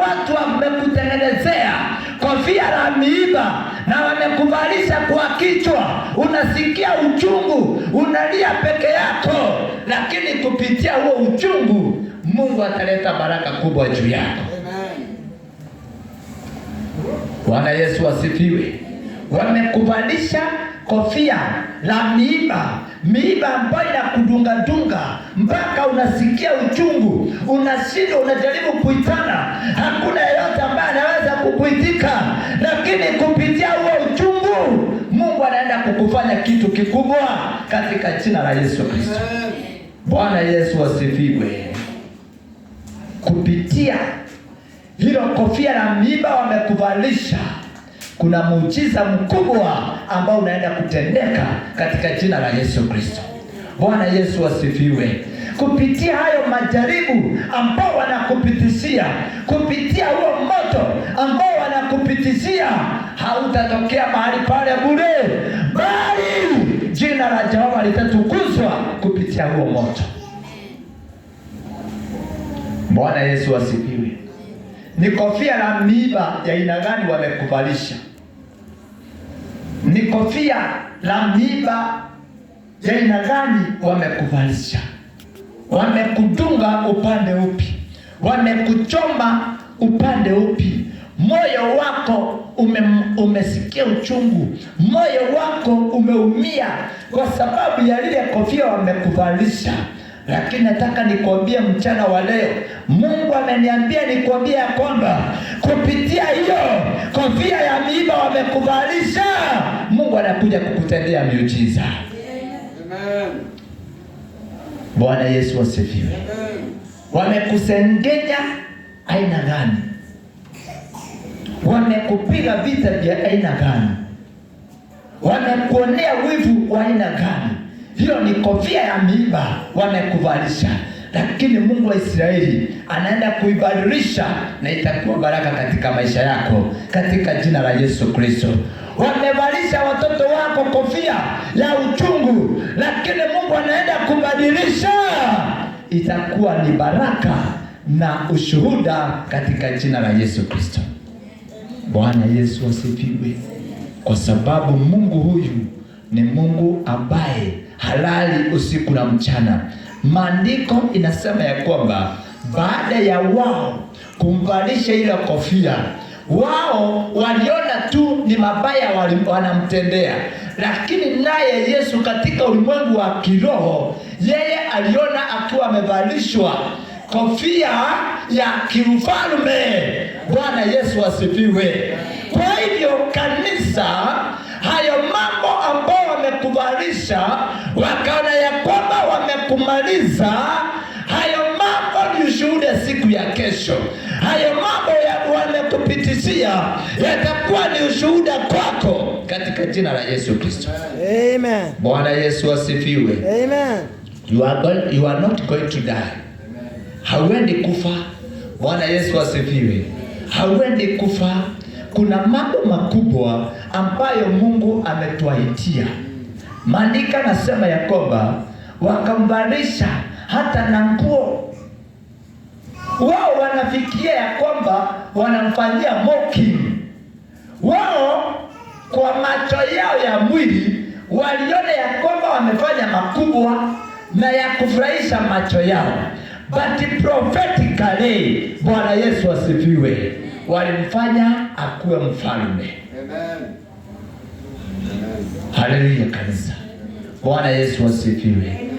Watu wamekutengenezea kofia la miiba na wamekuvalisha kwa kichwa, unasikia uchungu, unalia peke yako, lakini kupitia huo uchungu Mungu ataleta baraka kubwa juu yako. Bwana Yesu asifiwe. Wamekuvalisha kofia la miiba, miiba ambayo inakudungadunga mpaka unasikia uchungu, unashindwa, unajaribu kuitana, hakuna yeyote ambaye anaweza kukuitika, lakini kupitia huo uchungu Mungu anaenda kukufanya kitu kikubwa katika jina la Yesu Kristo. Bwana Yesu asifiwe. Kupitia hilo kofia la miiba wamekuvalisha kuna muujiza mkubwa ambao unaenda kutendeka katika jina la Yesu Kristo. Bwana Yesu asifiwe. Kupitia hayo majaribu ambao wanakupitishia, kupitia huo moto ambao wanakupitishia, hautatokea mahali pale bure, bali jina la Jehova litatukuzwa kupitia huo moto. Bwana Yesu asifiwe ni kofia la miiba ya aina gani wamekuvalisha? Ni kofia la miiba ya aina gani wamekuvalisha? Wamekudunga upande upi? Wamekuchoma upande upi? Moyo wako ume, umesikia uchungu, moyo wako umeumia kwa sababu ya lile kofia wamekuvalisha. Lakini nataka nikwambie mchana wa leo, Mungu ameniambia nikwambie ya kwamba kupitia hiyo kofia ya miiba wamekuvalisha, Mungu anakuja kukutendea miujiza. Bwana Yesu asifiwe. Wamekusengenya aina gani? Wamekupiga vita vya aina gani? Wamekuonea wivu wa aina gani? hiyo ni kofia ya miiba wamekuvalisha, lakini Mungu wa Israeli anaenda kuibadilisha na itakuwa baraka katika maisha yako katika jina la Yesu Kristo. Wamevalisha watoto wako kofia ya uchungu, lakini Mungu anaenda kubadilisha, itakuwa ni baraka na ushuhuda katika jina la Yesu Kristo. Bwana Yesu asifiwe, kwa sababu Mungu huyu ni Mungu ambaye halali usiku na mchana. Maandiko inasema ya kwamba baada ya wao kumvalisha ile kofia, wao waliona tu ni mabaya wanamtendea, lakini naye Yesu katika ulimwengu wa kiroho, yeye aliona akiwa amevalishwa kofia ya kimfalme. Bwana Yesu asifiwe. Kwa hivyo kanisa kisha wakaona ya kwamba wamekumaliza hayo mambo, ni ushuhuda siku ya kesho. Hayo mambo wamekupitishia yatakuwa ni ushuhuda kwako, katika jina la Yesu Kristo. Amen. Bwana Yesu asifiwe. Amen. You are going, you are not going to die. Hauendi kufa. Bwana Yesu asifiwe. Hauendi kufa. Kuna mambo makubwa ambayo Mungu ametuahidia. Maandiko nasema ya kwamba wakamvalisha hata na nguo. Wao wanafikia ya kwamba wanamfanyia mocking. Wao kwa macho yao ya mwili waliona ya kwamba wamefanya makubwa na ya kufurahisha macho yao, but prophetically, Bwana Yesu asifiwe, walimfanya akuwe mfalme. Amen. Haleluya kanisa. Bwana Yesu asifiwe.